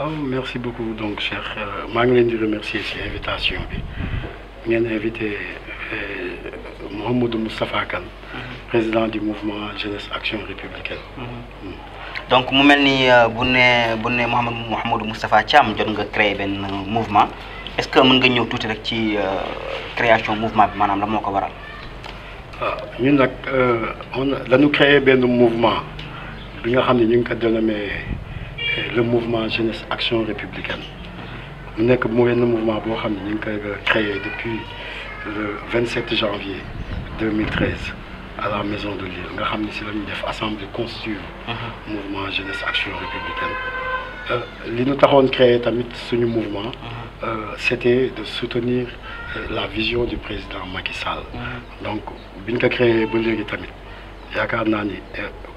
Ah, merci beaucoup donc cher Je euh, remercier cette invitation Je invité euh, Mohamed Moustapha Akan, mhm. président du mouvement jeunesse action républicaine mhm. mm. donc mu mel euh, Moustapha créé un mouvement est-ce que vous avez tout tuuti rek ci création mouvement Madame maanaam la Nous ko waral ah, créé un mouvement Nous nga le mouvement Jeunesse Action Républicaine Nous sommes le mouvement qui a été créé depuis le 27 janvier 2013 à la maison de l'île Nous avons créé le mouvement Jeunesse Action Républicaine euh, li nous avons créé ce mouvement uh-huh. euh, c'était de soutenir euh, la vision du président Macky Sall uh-huh. donc nous avons créé le mouvement tamit a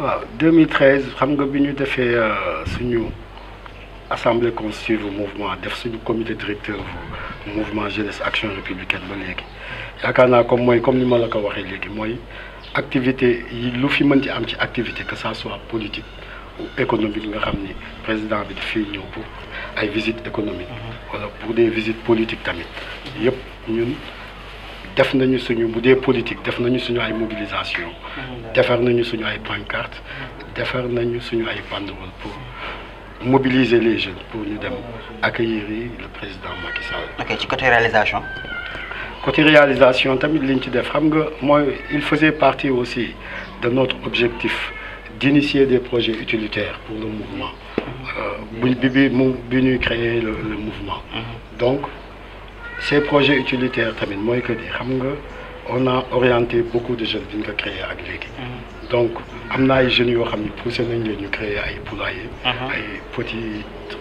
waaw 2013 xam nga bi ñu euh, suñu assemblée constitutive bu mouvement def suñu comité directeur bu mouvement jeunesse action républicaine ba léegi yaakaar naa comme moi, comme ni ma la ko waxee léegi mooy activité yi lu fi mën ci am ci activité que ça soit politique ou économique nga xam président bi dafay ñëw pour ay visites économiques mhm. wala pour des visites politiques tamit yëpp ñun def nañu suñu bu dee politique def nañu suñu ay mobilisation defar nañu suñu ay pancarte nañu suñu ay pour mobiliser les jeunes pour accueillir le président Macky Sall. ok côté réalisation. côté réalisation tamit liñ ci def xam nga il faisait partie aussi de notre objectif d'initier des projets utilitaires pour le mouvement euh, bu bi bi créer le mouvement mhm. donc ces projets utilitaires on a orienté beaucoup de jeunes qui ont créé avec mm-hmm. donc on a des jeunes qui ont poussé à créer mm-hmm. petites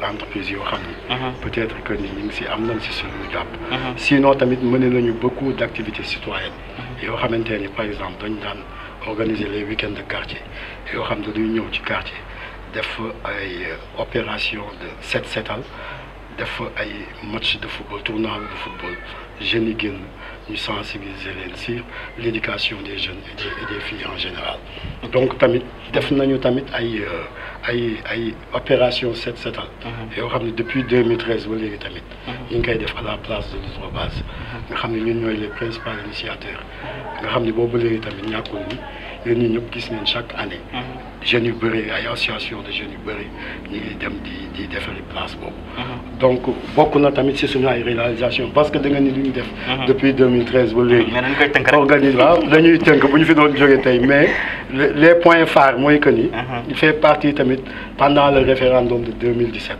entreprises mm-hmm. peut-être que nous avons ngi sur le nañ si nous sinon mené beaucoup d'activités citoyennes. Nous avons par exemple on organiser les week-ends de quartier Nous avons ne des opérations ci quartier 7 ay de des matchs de football, des tournois de football, des jeunes nous sensibilisons l'éducation des jeunes et des, filles en général. Donc, nous avons fait opération 7-7 ans. Et nous avons depuis 2013, nous avons fait la place de notre base. Mhm. Nous sommes les principaux initiateurs. Nous avons fait l'opération de notre base. Nous avons fait l'union chaque année. Mm jeunes l'association association de jeunes il bëri ñu ngi des di di mhm. donc beaucoup na tamit si suñu réalisation parce que mhm. depuis 2013 vous léegi. mais mais les points phares moi, que ni. Mhm. il fait partie tamit pendant le référendum de 2017.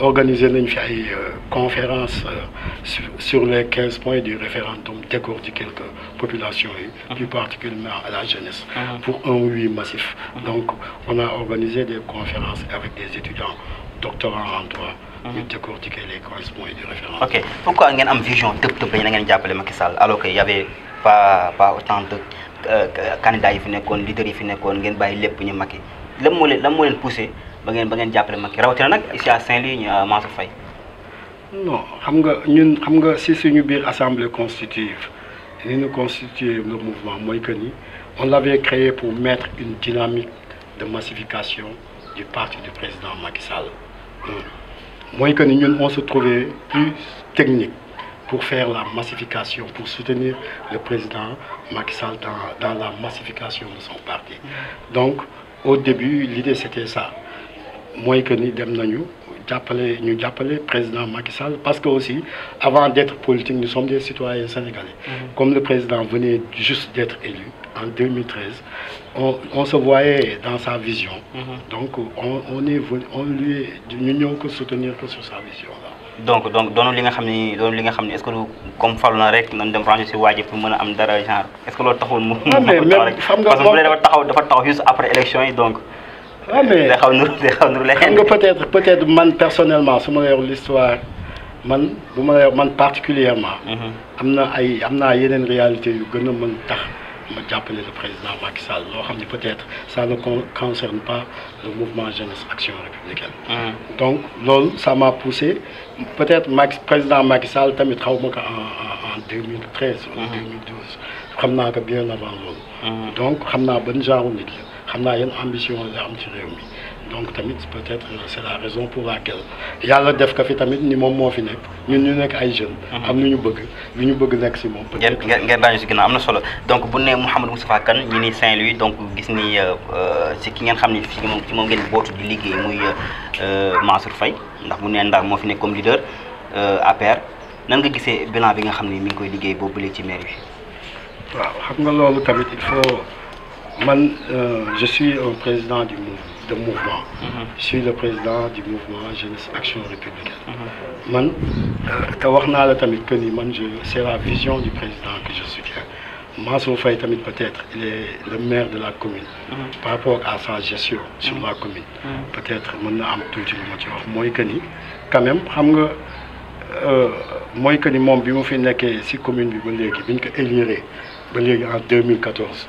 organiser une fi ay euh, conférences euh, sur les 15 points du référendum de quelques populations et plus particulièrement à la jeunesse. pour un oui massif donc on a organisé des conférences avec des étudiants doctorants en droit. ñu mhm. décortiquer les correspondants et les références. ok pourquoi ngeen am vision tëb tëb dañu la ngeen jàppale Macky Sall alors qu'il y avait pas pas autant de euh, candidats yi fi leaders yi fi nekkoon ngeen bàyyi lépp ñu Macky lan moo poussé ba ngeen ba des jàppale Macky ici à Saint-Louis à Mansour non xam nga ñun xam nga si suñu biir assemblée constitutive ni ñu constituer le mouvement on l'avait créé pour mettre une dynamique de massification du parti du président Macky Sall. Moins que nous, on se trouvait plus technique pour faire la massification, pour soutenir le président Macky Sall dans, dans la massification de son parti. Donc, au début, l'idée c'était ça. Moi, que nous, nous d'appeler le président Macky Sall parce que aussi avant d'être politique nous sommes des citoyens sénégalais mm-hmm. comme le président venait juste d'être élu en 2013, on, on, se voyait dans sa vision. Mhm. Donc, on, on, est, on lui union que soutenir que sur sa vision. donc donc doonul li nga xam ni li nga est-ce que comme falu na rek nañ dem ranger si waajib pour mën am dara genre est-ce que loolu taxul mu. Ah, rek parce que bu dee dafa taxaw dafa juste après élection donc. Ah, mais nga peut-être peut-être man personnellement su ma la yor l'histoire man bu man particulièrement mhm. am na ay am naa réalité yu gën a tax ma appelé le président Macky Sall peut-être ça ne concerne pas le mouvement jeunesse action républicaine. Ah. donc ça m'a poussé peut-être le président Macky Sall tamit xaw ma en 2013 ou en 2012. Je ah. bien avant lui. Ah. donc je naa ban xam naa ambition la am ci réew mi donc tamit peut-être c'est la raison pour laquelle yalla def ko fi tamit ni mom mo fi nek ñun ñu nek ay jeune mhm. am ñu bëgg lu ñu bëgg nekk si moom. ngeen ngeen bañu ci ginnaaw amna solo donc bu nee mohammed Moustapha kan ñi ni Saint-Louis donc gis ni euh, euh, si ki ngeen xamni ci mom ci mom ngeen bootu di liggéey muy euh, Mansour Faye ndax bu nee Ndar mo fi nek comme leader APR nan nga gisee bilan bi nga xam ni mi ngi koy liggéey boobu léegi ci maire bi. waaw xam nga loolu tamit il faut man euh, je suis un président du de mouvement. Mm-hmm. je suis le président du mouvement Jeunesse Action Républicaine. Mm-hmm. man euh, te man c'est la vision du président que je soutiens. Mansour tamit peut-être il est le maire de la commune. Mm-hmm. par rapport à sa gestion. sur la commune. peut-être mën na am tuuti lu ma ci quand même xam nga. Euh, mooy que ni bi mu fi ci commune bi ba léegi en 2014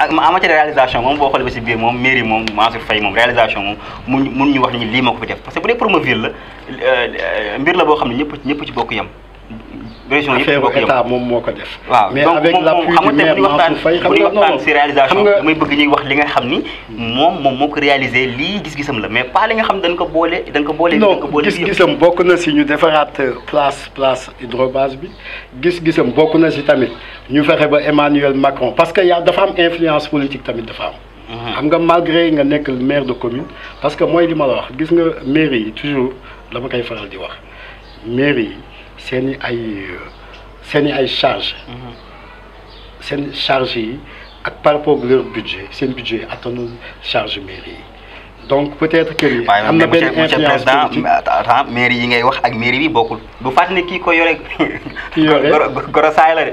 ak en matière de réalisation moom boo xoolee ba si biir moom mairie moom Mansour Faye moom réalisation moom mun mun ñu wax ni lii moo ko fi def parce que bu dee Promoville la euh, euh, mbir la boo xam ne ñëpp ñëpp ci bokk yem région yëpp affaire bu état moom moo ko def. waaw mais avec l'appui du maire Mansour Faye xam nga non si réalisation damay bëgg ñuy wax li nga xam ni hmm. moom moom moo ko réalisé lii gis-gisam la mais pas li nga xam dañ ko boole dañ ko boole. dañ ko boole non gis-gisam bokk na si ñu defaraat euh, place place hydrobase bi gis-gisam bokk na si tamit ñu fexe ba Emmanuel Macron parce que yaa dafa am influence politique tamit dafa am. Hmm. xam nga malgré nga nekk maire de commune parce que mooy li ma la wax gis nga mairie yi toujours dama koy faral di wax mairie yi seni ay seen ay charge mhm. seen charge yi ak par rapport leur budget seen budget attanul charge mairie donc peut-être que ni am na benn influence politique mairie yi ngay wax ak mairie bi bokul du fàttali ne kii ko yoré kii yore la de.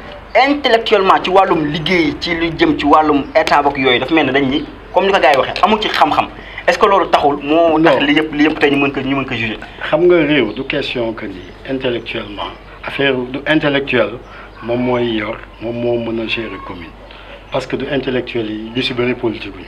intellectuellement ci walum liggéey ci lu jëm ci walum état bokk yoy dafa melni dañ ni comme ni ko gay yi amu ci xam-xam est-ce que loolu taxul mo tax li yëpp li yëpp tay ñu mën ko ñu mën ko juger xam nga rew du question que ni intellectuellement affaire du intellectuel mom moy yor mom mo mën a gérer commune parce que du intellectuel yi du ci bari politique ñu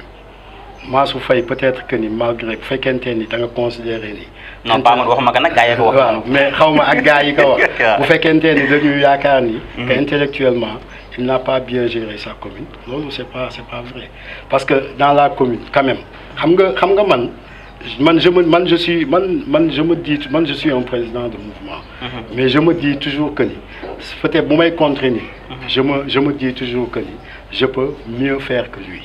Mansour fay peut-être que ni malgré bu ni da nga considérer ni non pas man waxuma ko nak gaa ko wax. mais xawma ma ak gaa ko wax. bu fekente ni dañu yaakaar ni. que mhm. intellectuellement il n'a pas bien géré sa commune. Non, c'est pas c'est pas vrai parce que dans la commune quand même xam nga xam nga man. man je me man je suis man man je me dis man je suis un président de mouvement. Mhm. mais je me dis toujours que ni peut-être bu may contrer mhm. je me je me dis toujours que ni je peux mieux faire que lui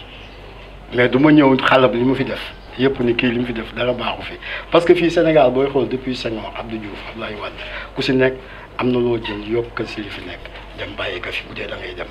mais du ñew ñëw xalab li mu fi def. yëpp ni kii li mu fi def dara baaxu fi parce que fii Sénégal booy xool depuis Senghor Abdou Diouf Abdoulaye Wade ku si nekk am na loo jël yokk si li fi nekk dem bàyyi ko fi bu dee da ngay dem.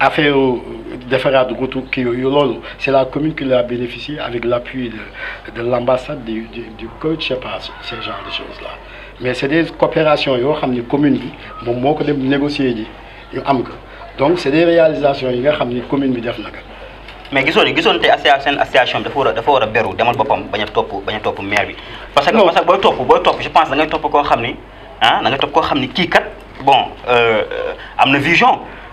affaire defaraat route kii yooyu loolu c'est la commune qui l'a bénéficié avec l'appui de de l'ambassade du du coach je sais pas ce genre de choses là mais c'est des coopérations yoo xam ni commune bi moom moo ko dem négocier ji ñu am ko donc c'est des réalisations yi nga xam ni commune bi def na ko mais gisoon gisoon te seen association bi dafa war a dafa war a beru demal boppam bañ a topp bañ a topp maire bi. parce que parce que booy top booy top je pense da ngay topp koo xam ni ah da ngay topp koo xam ni kat bon euh, euh, am na vision.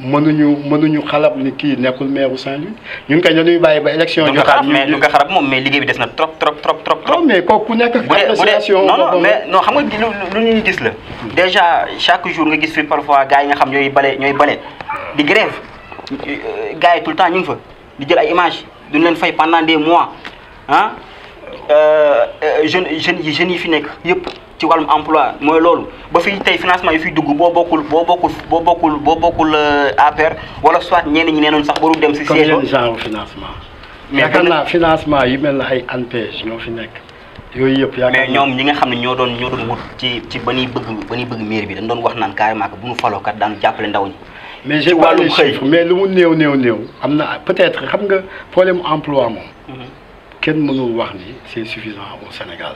mënuñu mënuñu xalab ni kii nekkul maire Saint-Louis ñun kay dañuy bàyyi ba élection. jotaat ñu du nga xarab moom mais liggéey bi des na trop trop trop trop. non mais kooku nekk association. non non mais non xam nga lu ñuy gis la. déjà chaque jour nga gis fi parfois gars yi nga xam ñooy bale ñooy bale di grève gars yi tout le temps ñu ngi fa di jël ay image duñ leen fay pendant des mois ah euh, euh, jeunes jeune jeune jeunes yi fi nekk yëpp ci walum emploi mooy loolu ba fi tey financement yi fiy dugg boo bokkul boo bokkul boo bokkul boo bokkul euh, APR wala soit ñenn ñi neenoon sax baru dem si siège financement mais yaakaar naa financement yi mel na ay ANPEJ ñoo fi nekk yooyu yëpp yaakaar mais ñoom ñi nga xam ne ñoo doon ñoo doon wut ci ci ba ñuy bëgg ba ñuy bëgg mairie bi dañ doon wax naan carrément que bu ñu faloo kat daan jàppale ndaw ñi mais j'ai pas les chiffres mais lu mu néew néew néew am na peut-être xam nga problème emploi moom mhm. kenn mënul wax ni c'est suffisant au Sénégal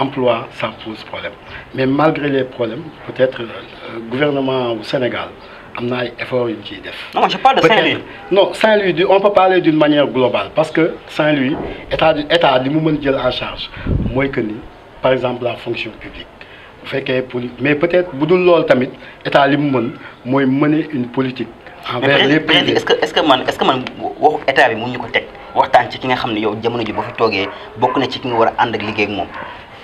emploi, ça pose problème. Mais malgré les problèmes, peut-être le euh, euh, gouvernement au Sénégal a un effort qui Non, je parle de Saint-Louis. Non, Saint-Louis, on peut parler d'une manière globale parce que Saint-Louis, l'État du moment de en charge, moins que par exemple la fonction publique. Mais peut-être, l'État du moment, moi mener une politique envers les pays. Est-ce que, est-ce que, est-ce que, l'État du moment, waxtaan ci ki nga xam ne yow jamono ji ba fi toogee na ci ki ak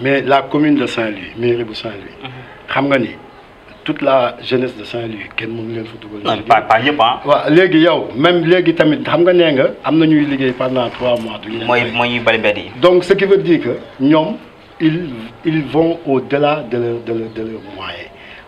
mais la commune de Saint-Louis mairie de Saint-Louis. Mhm. xam nga ni toute la jeunesse de Saint-Louis qui mënu leen football. dugal. pas pas ñëpp ah. waaw léegi yow même les tamit xam nga nee nga am na ñuy liggéey pendant trois mois. Moi, moi mooy mooy ñuy donc ce qui veut dire que nous ils ils vont au-delà de leur de leur de leur moyens.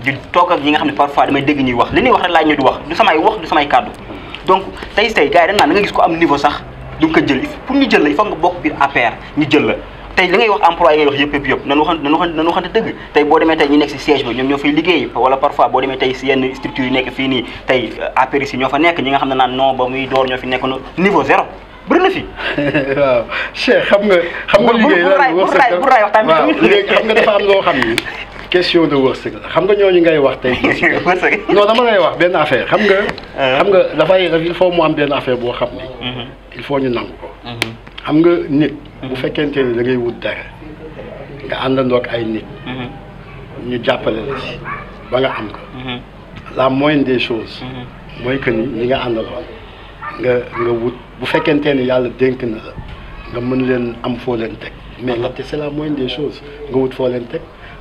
di toog ak ñi nga xam ne parfois damay dégg ñuy wax li ñuy wax rek laaj ñu di wax du samay wax du samay kàddu donc tey tey gars yi dañ naan nga gis ko am niveau sax du nga ko jël pour ñu jël la tey li ngay wax employé ngay wax yëpp yëpp yëpp nan waxan nan waxan nan waxante dëgg tey boo demee tey ñu nekk ne naan non ba muy door ñoo fi nekk niveau zéro bëri na fi. waaw Cheikh xam nga. xam nga liggéey lan bu raay waxtaan bi nga dafa xam ni question de wërsëg la xam nga ñu ngay wax tey. non dama lay wax benn affaire xam nga. Euh. xam nga dafay il faut mu am benn affaire boo xam ni. Mhm. il faut ñu nangu ko. Mhm. xam nga nit. bu mhm. fekkente ni da ngay wut dara nga àndandoo ak ay nit. ñu jàppale la si ba nga am ko. la moindre des choses. mooy que ni ñi nga àndaloon nga nga wut bu fekkente ni yàlla dénk na la nga mën leen am foo leen teg mais la c'est la moindre des choses nga wut foo leen teg.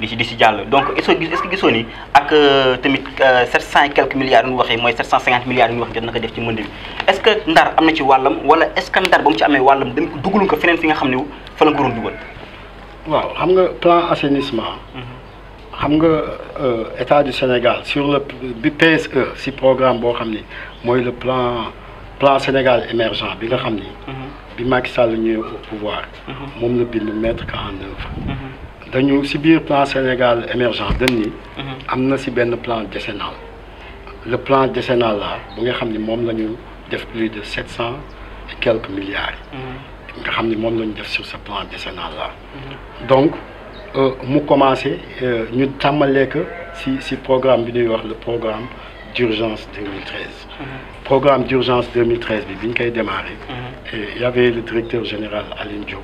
di ci di ci donc est-ce que gisoo ni ak euh, tamit 700 euh, quelques milliards yu ñu waxee mooy 750 milliards yu ñu wax jot na def ci mënd bi est-ce que ndar am na ci wàllam wala est-ce que ndar ba mu ci amee wàllam dañ ko dugalu ko feneen fi nga xam ne fa la ko doon dugal. waaw xam nga plan assainissement. Mhm. xam nga euh, état du Sénégal sur le bi PSE si programme boo xam ni le plan plan Sénégal émergent bi nga xam ni. Mhm. bi Macky Sall ñëwee au pouvoir. Mhm. moom la bind mettre ko en œuvre. Nous avons le plan Sénégal émergent nous avons un plan décennal le plan décennal nous avons plus de 700 et quelques milliards mhm. nous avons sur ce plan décennal là mhm. donc euh, mu commencé euh, ñu avons que si programme le programme d'urgence 2013 Le mhm. programme d'urgence 2013 bi bi y avait le directeur général Aline Diop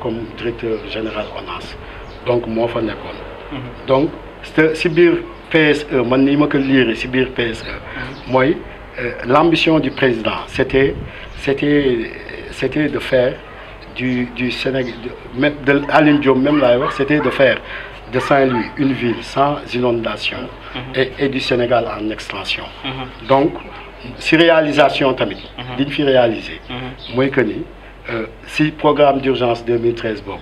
comme directeur général ONAS donc moi, fa nekkoon. Mhm. donc si bir PSE man ni ma ko liiree si bir PSE. moy mhm. euh, L'ambition du président c'était c'était, c'était de faire du du Sénégal même de Aline même là wax c'était de faire de Saint-Louis une ville sans inondation. Mhm. et du Sénégal en extension. donc si réalisation tamit. liñ fi réaliser. moy que ni. Euh, si programme d'urgence 2013 boobu.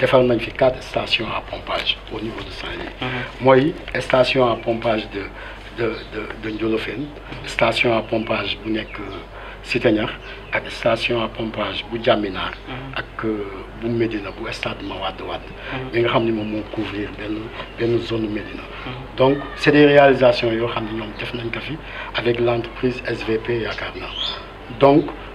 il uh-huh. nañ fi quatre stations à pompage au niveau de saint Moi, une station à pompage de de de de station à pompage de nekk une euh, station à pompage de Diaminaar. Uh-huh. ak euh, bu Médina bu stade Mawade Wade. Uh-huh. bi nga xam ne moom couvrir zone donc c'est des réalisations que nous avons avec l'entreprise SVP et Akarna. donc.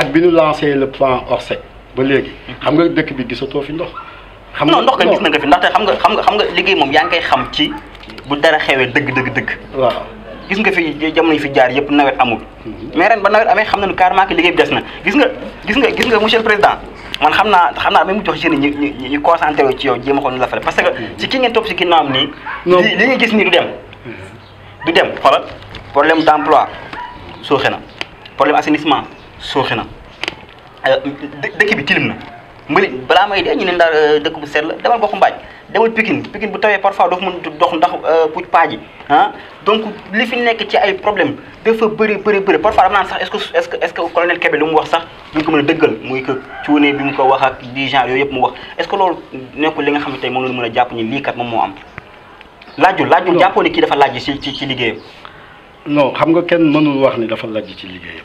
ak bi ñu lancé le plan Orsec ba léegi. xam nga dëkk bi gisatoo fi ndox. xam nga non ndox nga gis na nga fi ndaxte xam nga xam nga xam nga liggéey moom yaa ngi koy xam ci bu dara xewee dëgg dëgg dëgg. waaw gis nga fi jamono yi fi jaar yëpp nawet amul. Mhm. mais ren ba nawet amee xam nañu carrément que liggéey bi des na gis nga gis nga gis nga monsieur le président man xam naa xam naa même jox jeunes yi ñu ñu concentré ci yow jéem a xool la fale parce que ci ki ngeen topp ci ginnaawam nii. non li nga gis nii du dem. du dem xoolal problème d' emploi suuxe na problème assainissement suuxi na euh, dëkk bi tilim na mbalit balaa may dee ñu ne ndax euh, dëkk bu set la demal goxu mbaaj demal Pikine Pikine bu tawee parfois doo mën dox ndax euh, puuj paaji ah donc li fi nekk ci ay problème dafa bëri bëri bëri parfois dama naan sax est-ce que est-ce que est-ce que colonel Kébé lu mu wax sax duñ ko mën a dëggal muy que cuune est loolu nekkul li nga xam ne tey moom la mën a jàpp ni lii kat moom moo am laajul laajul jàppoo ne kii dafa laaj ci ci ci liggéeyam non xam nga kenn mënul wax ni dafa laaj ci liggéeyam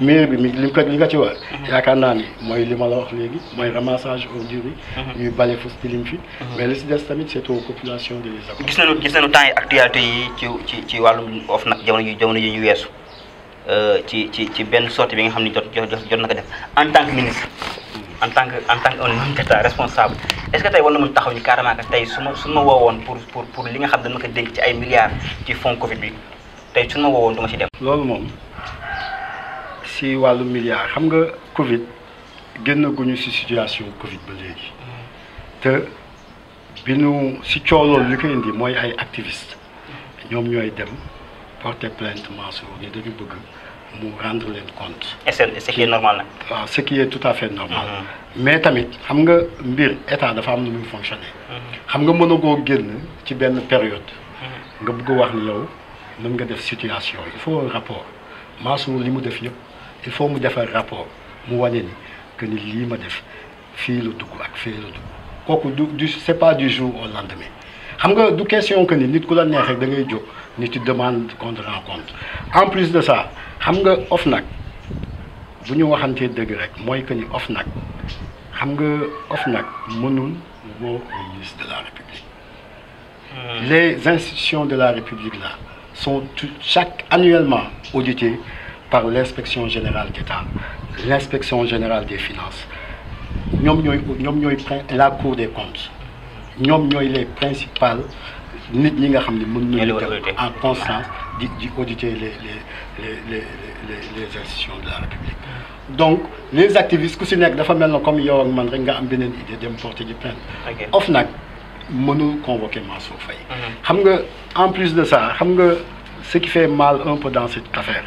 maire bi mi lim ko li nga ci wax yaakaar naa ni li ma la wax léegi moy ramassage ordures yi ñu balé fu stilim fi mais li si des tamit c'est aux populations de les accompagner gis nañu gis nañu temps actualité yi ci ci ci wàllum of nak jamono yu jamono yu ñu euh ci ci ci ben sortie bi nga xamni jot jot jot naka def en tant que ministre en tant que en tant que un homme d'état responsable est ce que tay wonna mën taxaw ni carrément que tey suma ma pour pour pour li nga xam dama ko denc ci ay milliards ci fonds covid bi tay suma wowon duma ci ma si dem si walu milliards xam nga Covid génnaguñu si situation Covid ba léegi te bi nu si coolool li ko indi mooy ay activiste ñoom ñooy dem porter plainte Mansour ni dañu bëgg mu rendre leen compte. et ce qui est normal nag. waaw ce qui est tout à fait normal. Mm-hmm. mais tamit xam nga mbir état dafa am na muy fonctionner. Mm-hmm. xam nga mën a koo génn ci benn période. Mm-hmm. nga bëgg wax ni yow mën nga def situation il faut un rapport Mansour li mu def yëpp il faut mu defar rapport mu wane ni que ni lii ma def fii la dugg ak fii la dugg kooku du du c' pas du jour au lendemain xam nga du question que ni nit ku la neex rek da ngay jóg ni tu demande compte rend compte en plus de ça xam nga OFNAC bu ñu waxantee dëgg rek mooy que ni OFNAC xam nga OFNAC mënul woo le de la République. Euh. les institutions de la République là sont chaque annuellement auditées par l'inspection générale d'État, l'inspection générale des finances. Nous sommes la Cour des comptes. Nous sommes les principales nit ñi en constance d'auditer les les les les institutions de la République donc les activistes ku si comme yow ak man rek nga am idée porter des plaintes. OFNAC mënul convoquer Mansour Faye mhm. en plus de ça ce qui fait mal un peu dans cette affaire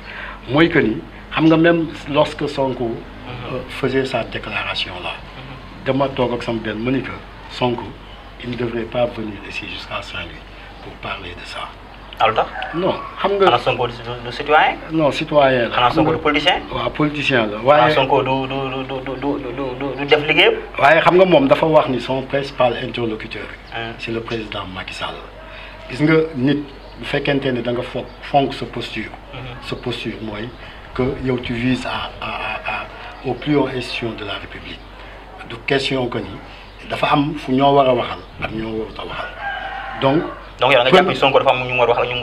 mooy que ni xam nga même lorsque Sonko uh-huh. euh, faisait sa déclaration là uh-huh. dama toog ak sama benn ma ni que Sonko il ne devrait pas venir ici jusqu'à Saint-Louis pour parler de ça. alors tax non xam nga. xanaa Sonko du du citoyen. non citoyen la. xanaa Sonko du politicien. waaw politicien la waaye. xanaa Sonko du du du du du def liggéeyam. waaye xam nga moom dafa wax ni son principal interlocuteur. Hein. c'est le président Macky Sall. gis nga nit fait qu'un ne da posture mhm. posture que tu vises au plus haut échelon de la république donc question que la femme donc. donc il y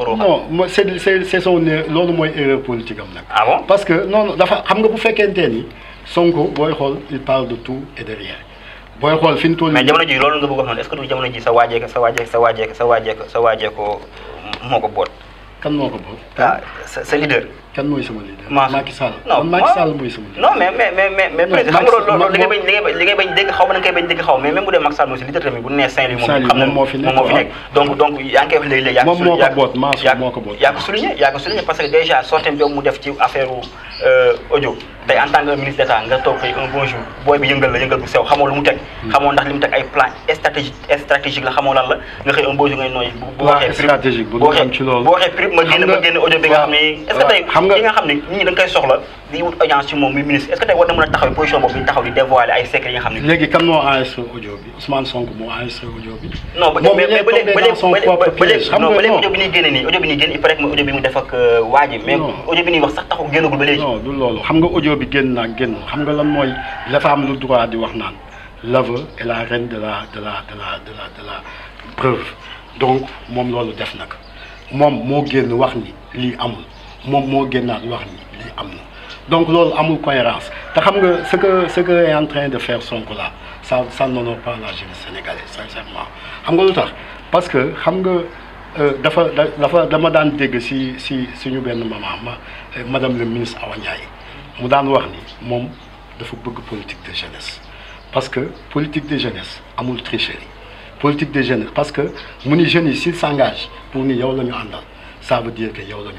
non c'est son erreur politique ah bon parce que non il xam nga bu Sonko il parle de tout et de rien. mais jamono que moo ko boot. kan moo ko boot. ah sa sa leader. kan mooy sama leader. Macky Sall non Macky Sall mooy sama leader. non mais mais mais mais président xam nga loolu li ngay bañ li ngay bañ dégg xaw ma na nga koy bañ dégg xaw mais même bu dee Macky Sall mooy sa leader tamit bu nee Saint-Louis moom moo fi nekk donc donc yaa ngi koy wax léegi-léegi moom moo ko boot Mansour moo ko boot yaa ko souligné yaa ko souligné parce que déjà sortie bi mu def ci affaire audio tey en tant que ministre d'état nga toog fay un bon jour booy bi yëngal la yëngal bu sew xamoo lu mu teg xamoo ndax li mu teg ay plan stratégique stratégique la xamoo lan la nga xëy un bon jour ngay nooy bu waxee stratégique bu xam ci loolu boo waxee prime ma génn ma génn audio bi nga xam ne est-ce que tey nga ki nga xam ne nit ñi da nga koy soxla di wut audience ci moom muy ministre est-ce que tey war na mën a taxaw position boobu di taxaw di dévoiler ay secret yi nga xam ne. léegi kan moo enregistré audio bi Ousmane Sonko moo enregistré audio bi. ba léegi ba génne nii audio bi génne il paraît que audio bi mu def ak euh, mais audio bi wax sax taxaw génnagul ba léegi. non loolu xam nga audio bi génn naa xam nga lan mooy dafa am lu droit di wax naan la la de la de la de la de moom loolu def nag moom moo génn wax ni lii amul moom moo génnaat wax ni lii am donc loolu amul cohérence te xam nga ce que ce que est en train de faire son là ça ça non pas la jeunesse sénégalaise sincèrement xam nga lu parce que xam nga euh, dafa dafa dama daan dégg si si suñu benn maman ma euh, madame le ministre a Ndiaye mu daan wax ni moom dafa bëgg politique de jeunesse parce que politique de jeunesse amul tricherie politique de jeunesse parce que mu jeunesse jeunes yi pour ni yow la ñu àndal ça veut dire que yow la ñu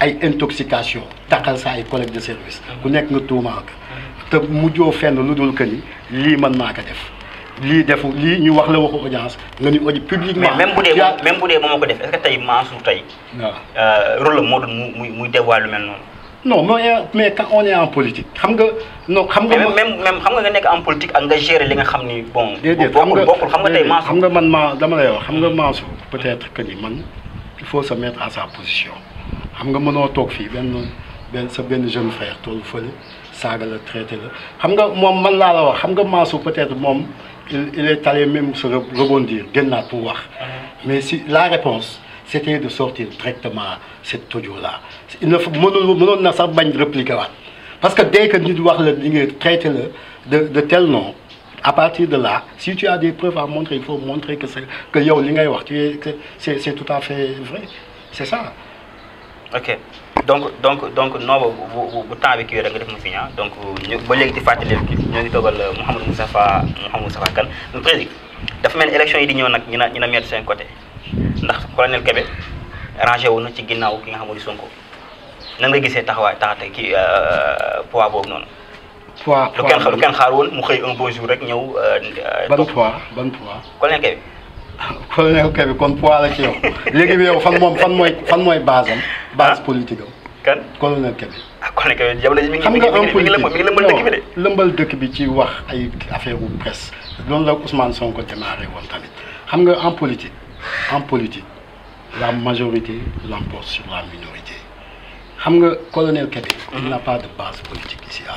ay intoxication takal sa ay collègue de service ku nek nga touma te fenn ludul ke ni li man def ñu wax mais même même c'est def est ce que Mansour euh, rôle muy non mais quand on est en politique xam non xam même même xam nga en politique ak nga gérer li nga xamni bon. xam nga man Mansour peut être que ni man il faut se mettre à sa position xam nga mënoo toog ben ben benn sa ben jeune frère toolu fële saaga la traité la xam nga man la la wax xam nga peut-être mom il il est allé même se rebondir genna pour wax. Uh-huh. mais si la réponse c'était de sortir directement cet audio là. il ne mënoon mënoon na sa bagn répliquer waat parce que dès que nit wax la ni traité le de de tel nom. à partir de là si tu as des preuves à montrer il faut montrer que c'est que yow li ngay wax tu es c'est c'est tout à fait vrai c'est ça. ok donc donc donc nooba bu bu temps bi kii rek nga def mu fi ah. donc ñu ba léegi di fàttali ki ñoo ngi toogal euh, Mouhamadou Moustapha Mouhamadou Moustapha Kane mu président dafa mel ni élection yi di ñëw nag ñu na ñu na mettre seen côté ndax colonel Kébé rangé wu na ci ginnaaw ki nga xam ne Sonko nan nga gisee taxawaay taxate ki euh, pois boobu noonu. poids poids lu kenn lu kenn xaar mu xëy un bon jour rek ñëw. Euh, ban poids ban poids. colonel Kébé. colonel Kébé kon ah, politique colonel colonel politique la majorité l'emporte sur la il mm-hmm. n'a pas de base politique ici à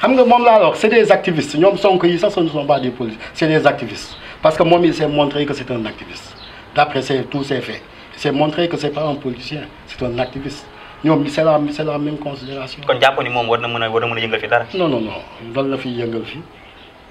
xam nga wax des activistes ñoom yi ne sont pas des politiques c' des activistes parce que moom il montré que c'est un activiste D'après après tous ses faits il s' montré que ce n'est pas un politicien c'est un activiste ñoom c' est la c' la même considération kon jàpp ni moom war na mën a war na mën a yëngal fi dara. non non non lan la fi yëngal fii.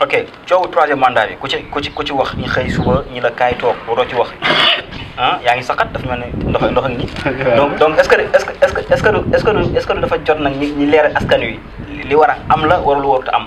ok coowu troisième mandat bi ku ci ku ci wax ñu xëy suba ñi la kaay toog wax ah yaa ngi saxat dafa mel ne ndox ndox ak ni donc donc est-ce que est-ce que est-ce que est-ce est dafa jot nag ñi leeral askan wi li war a am la warul warut am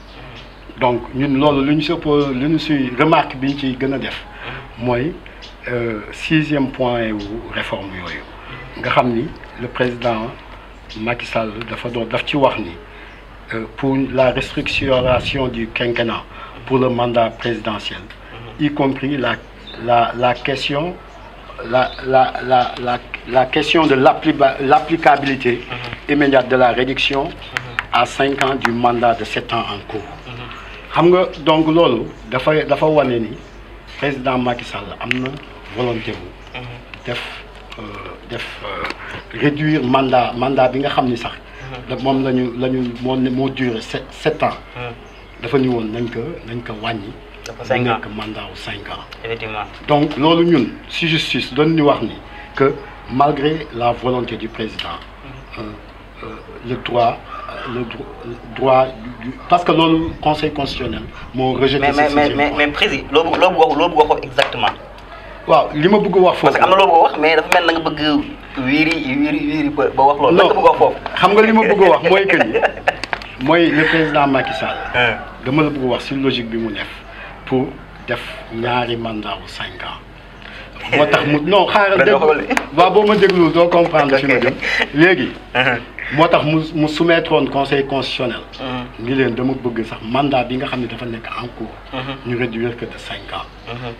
donc nous avons remarque euh, sixième point est réforme le président Macky Sall euh, pour la restructuration du quinquennat pour le mandat présidentiel y compris la question la la question de l'applicabilité mm-hmm. immédiate de la réduction à cinq ans du mandat de sept ans en cours xam nga donc loolu dafa dafa wane ni président Macky Sall am na volonté bu mhm. def euh, def euh, réduire mandat mandat bi nga xam ni sax mhm. moom lañu lañu moo moo duré sept sept ans mhm. dafa ñu woon nañ ko nañ ko wàññi mu mandat wu cinq ans effectivement donc loolu ñun si justice doon ñu wax ni que malgré la volonté du président euh, le droit le droit parce que le conseil constitutionnel m'a rejeté. mais mais mais mais président exactement. waaw parce que mais dafa mel dire nga bëgg wiiri ba wax le président Macky Sall. je hein. la si logique bi mu pour faire un mandat ou cinq ans motax ne mu non xaaral comprendre uh-huh. soumettre conseil constitutionnel uh-huh. ngi leen dama bëgg sax mandat bi nga xamni dafa en uh-huh. réduire que de 5 ans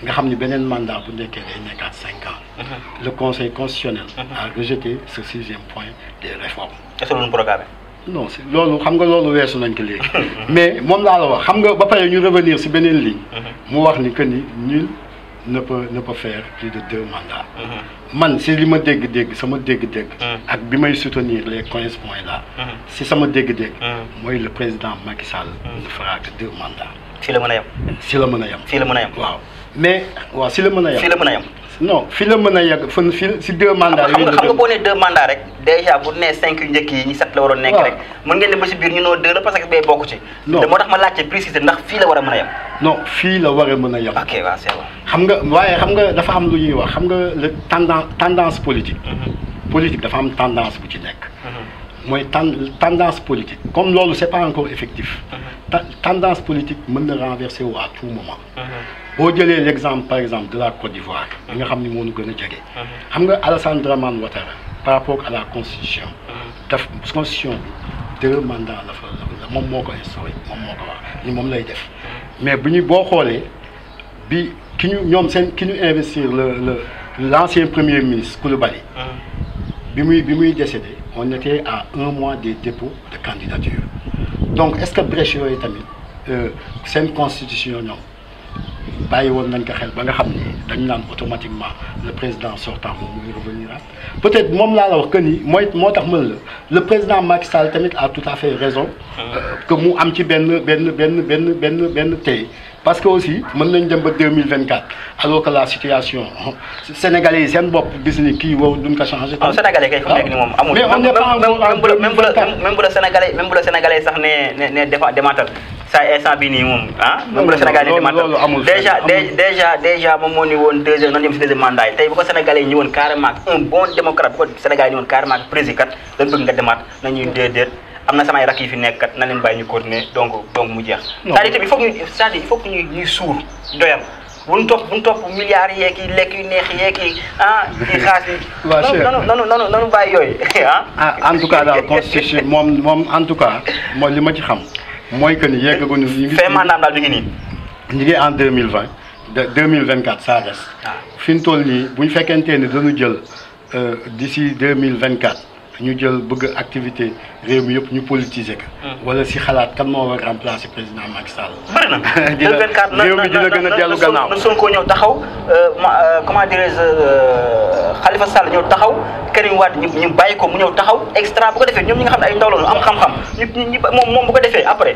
nga ne mandat bu 5 ans le conseil constitutionnel a rejeté ce sixième point des réformes est-ce que programme non c'est lolu xam nga lolu wessu nañ ko mais la wax xam nga ba revenir ligne mu wax que nul ne peut ne peut faire plus de deux mandats. Mhm. man c'est li ma dég dégg sama dégg dég mhm. ak bi may soutenir les quinze points là. Mhm. si sama dég dég. Moi, le président Macky Sall. ne fera que deux mandats. C'est le mën C'est le si C'est le a Wow. mais wow, c'est le mën C'est le si non fi la mën a yàgg fi si deux mandats. xam nga xam nga boo nee deux mandats rek déjà bu nee cinq njëkk yi ñu set la waroon nekk rek. mën ngeen ne ba si biir ñu noo deux la parce que bee bokk ci. non moo tax ma laajte préciser ndax fii la war a mën non fii la war a mën ok waaw c'est bon. xam nga waaye xam nga dafa am lu ñuy wax xam nga le tendance tendance politique. Mhm. politique dafa am tendance bu ci nekk. Mhm. mooy tendance politique comme loolu c'est pas encore effectif. Mhm. tendance politique mën na renverser wu à tout moment au l'exemple par exemple de la Côte d'Ivoire nga uh-huh. par rapport à la constitution. Uh-huh. la constitution uh-huh. mais si nous regarde, premier ministre Koulibaly? bi décédé on était à un mois des dépôts de candidature donc est ce que brèche yooyu euh, constitution bàyyi woon nañ ko xel ba nga xam ne dañ naan automatiquement le président sortant moom muy revenir ah. peut-être moom laa la wax que ni mooy moo tax mën la le président Macky Sall tamit a tout à fait raison. Ah. Euh, que mu am ci benn benn benn benn benn benn tey. parce que aussi mën nañ dem ba 2024 alors que la situation sénégalais yi seen bopp gis ni kii wow duñ ko changé. waaw ah, sénégalais kay fu mu nekk nii moom amul. mais on même bu la même bu la sénégalais même bu la sénégalais sax ne ne ne déma dématal saa instant bi nii moom ah. moom la Sénégal yi demante déjà déjà déjà moom moo ni woon deux heures nan dem si deuxième tey bu ko Sénégalais yi ñëwoon carrément un bon démocrate bu ko Sénégal yi président kat dañ bëgg nga demaat nañuy déedéet am na samay rak yi fi nekk kat na leen bàyyi ñu continuer donc donc mu jeex. c'est-à-dire tamit il faut que bu ñu topp bu ñu topp milliards yeeg yi lekk yu neex yeeg yi ah kii xaas yi. waaw cher nanu nanu nanu yooyu ah. ah. en tout cas daal constitution moom moom en tout cas mooy li ma xam. moi que nous yego nous fait mandat de gini ni en 2020 2024 ça reste ah. fin tolli buñ fekenté né dañu jël euh d'ici 2024 ñu jël bëgg activité réew mi yëpp ñu politiser ko. Ah. wala si xalaat kan moo war a remplacer président Macky Sall. bari na dina gën a dellu gannaaw na Sonko ñëw taxaw euh, euh, comment dirais-je euh, Khalifa Sall ñëw taxaw Karim Wade ñu ñu bàyyi ko mu ñëw taxaw extra bu ko defee ñoom ñi nga xam ne ay ndaw am xam-xam moom moom bu ko defee après.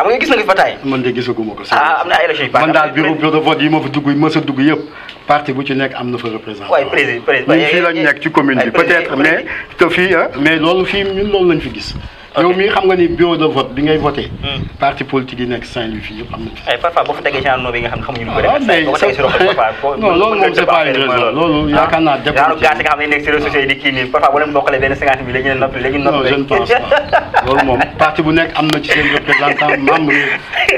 xam nga gis na li fa taay. man de gisaguma ko. ah am na ay élection yu man daal bureau bureau de vote yi ma fa dugg ma sa dugg yëpp parti bu ci nekk am na fa représentant. waay président président ñun fii lañ nekk ci commune bi peut-être mais te fii ah mais loolu fii ñun loolu lañ fi gis. yow mi xam nga ni bureau de vote bi ngay voté. Hmm. parti politique yi Saint-Louis parfois fa non, non, bi nga xam ah, non, non, non, non, Non, non non, non, non, pas non, non, non, non, non, non, non, non, non, non, non, non, non, non, non, non, di non, non, non, non, non, non, non, non, non, non, non, léegi non, non je ne pense pas non, parti bu non, non, non, ci non, représentant membre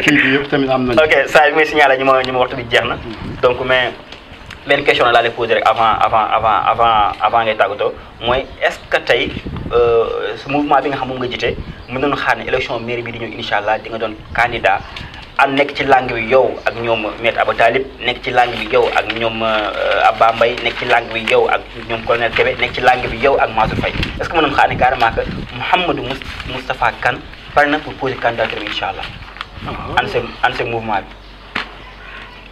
non, non, non, non, non, non, ok non, non, may signal ñu non, ñu non, waxtu non, non, mm-hmm. donc mais benn question laa lay posé rek avant avant avant avant avant mooy est-ce que tey su euh, mouvement bi nga xam moom nga jiite mën nañu xaar ne élection mairie bi di ñëw incha allah di nga doon candidat am nekk ci langue bi yow ak ñoom Maître Abou Talib nekk ci langue bi yow ak ñoom euh, Abba Mbaye nekk ci langue bi yow ak ñoom colonel Kébé nekk ci langue bi yow ak Mansour Faye est-ce que mën nañu xaar ne carrément que Mouhamadou Moustapha Kane pare na pour poser candidature bi incha allah. Ah, an seen an seen mouvement bi.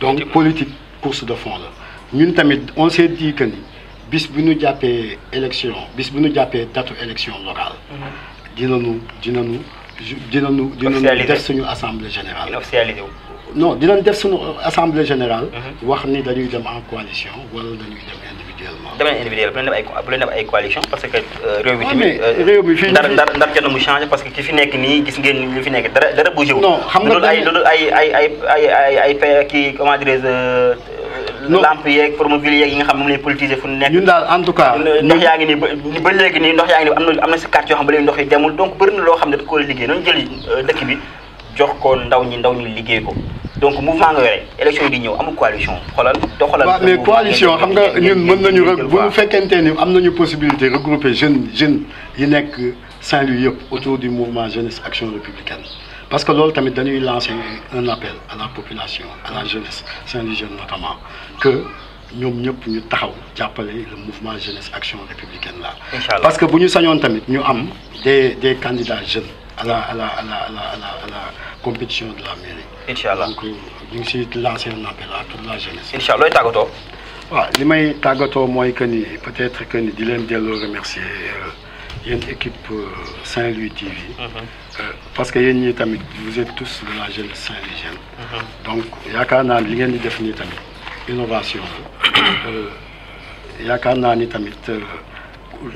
donc politique course de fond on s'est dit que bis élection bis nous nous, nous locale Non, nous. nous assemblée générale non nous assemblée générale nous mhm. ni nous en coalition individuellement. domaine individuel bu leen def ay coalition parce que euh, réew mi ah, tamit euh, réew mi fi ndar ndar ndar jot mu changé parce que ki fi nekk nii gis ngeen ni li fi nekk dara dara bougé wu. non xam nga loolu ay loolu ay ay ay ay comment dirais-je. Euh, non lamp yeeg yi nga xam ne moom politiser fu nekk. ñun daal en tout cas. ndox yaa ngi nii ba ba léegi nii ndox yaa ngi nii am na am na si quartier yoo xam ba léegi ndox yi demul donc bëri loo xam ne da koo liggéey noonu jël dëkk bi jox ko ndaw ñi ndaw ñi liggéey ko donc le mouvement l'élection est élection yi coalition Mais la mais coalition nous avons une possibilité de regrouper jeunes jeunes yi sont saint autour du mouvement jeunesse action républicaine. parce que l'autre tamit dañuy un appel à la population à la jeunesse Saint-Louis jeune notamment que nous, ñëpp ñu taxaw le mouvement jeunesse action républicaine là. parce que nous avons des candidats jeunes à la, compétition de la mairie. Inch'Allah. donc euh, je suis lancé un appel à toute la jeunesse. Inch'Allah, allah looy tàggatoo. waaw li tagoto moi peut-être que nous di de le remercier une euh, équipe euh, Saint-Louis TV. Mhm. parce que vous êtes tous de la jeunesse saint-louisienne. Mhm. donc il y a ngeen di def nii tamit innovation la. yaakaar ni tamit.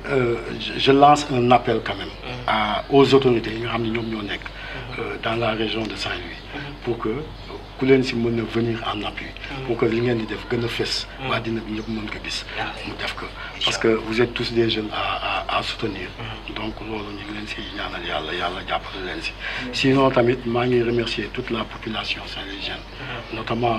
Euh, je lance un appel quand même aux autorités euh, dans la région de Saint-Louis pour que ku gens si venir en appui pour que les gens puissent def gën de parce que vous êtes tous des jeunes à soutenir donc sinon je remercie remercier toute la population saint-louisienne notamment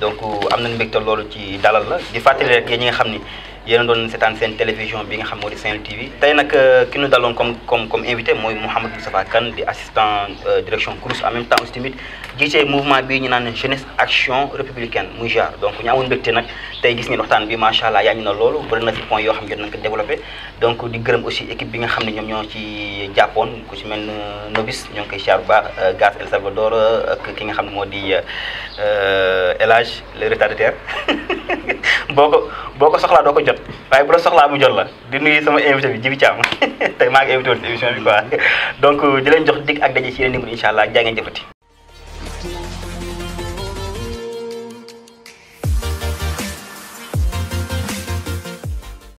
donc am nañ lolu ci dalal la di fàttali rek ñi nga xamni ni yéen a doon seetaan télévision bi nga xam moo saint TV tay nak ki ñu daloon comme comme comme invité moy Mohamed Moustapha Kane di assistant euh, direction course, en même temps aussi tamit jiite mouvement bi ñu naan jeunesse action républicaine muy genre donc ñu amoon mbégte nag tey gis ngeen waxtaan bi macha allah yaa ñu na loolu bëri na fi point yo xam ne jot nañ ko développé donc di gërëm aussi équipe bi nga xam ne ñoom ñoo ci jàppoon ku ci mel Nobis ñoo ngi koy siyaar bu baax euh, gaz El Salvador euh, ak ki nga xam ne moo di euh, El Hadj le retardataire boo boko boo ko soxlaa doo ko jot waaye bu la soxlaa mu jot la di nuyu sama invité bi Djibi cham tay ma ngi invité woon émission bi quoi donc di leen jox dig ak dajé ci yeneen ni inshallah allah jaa jëfati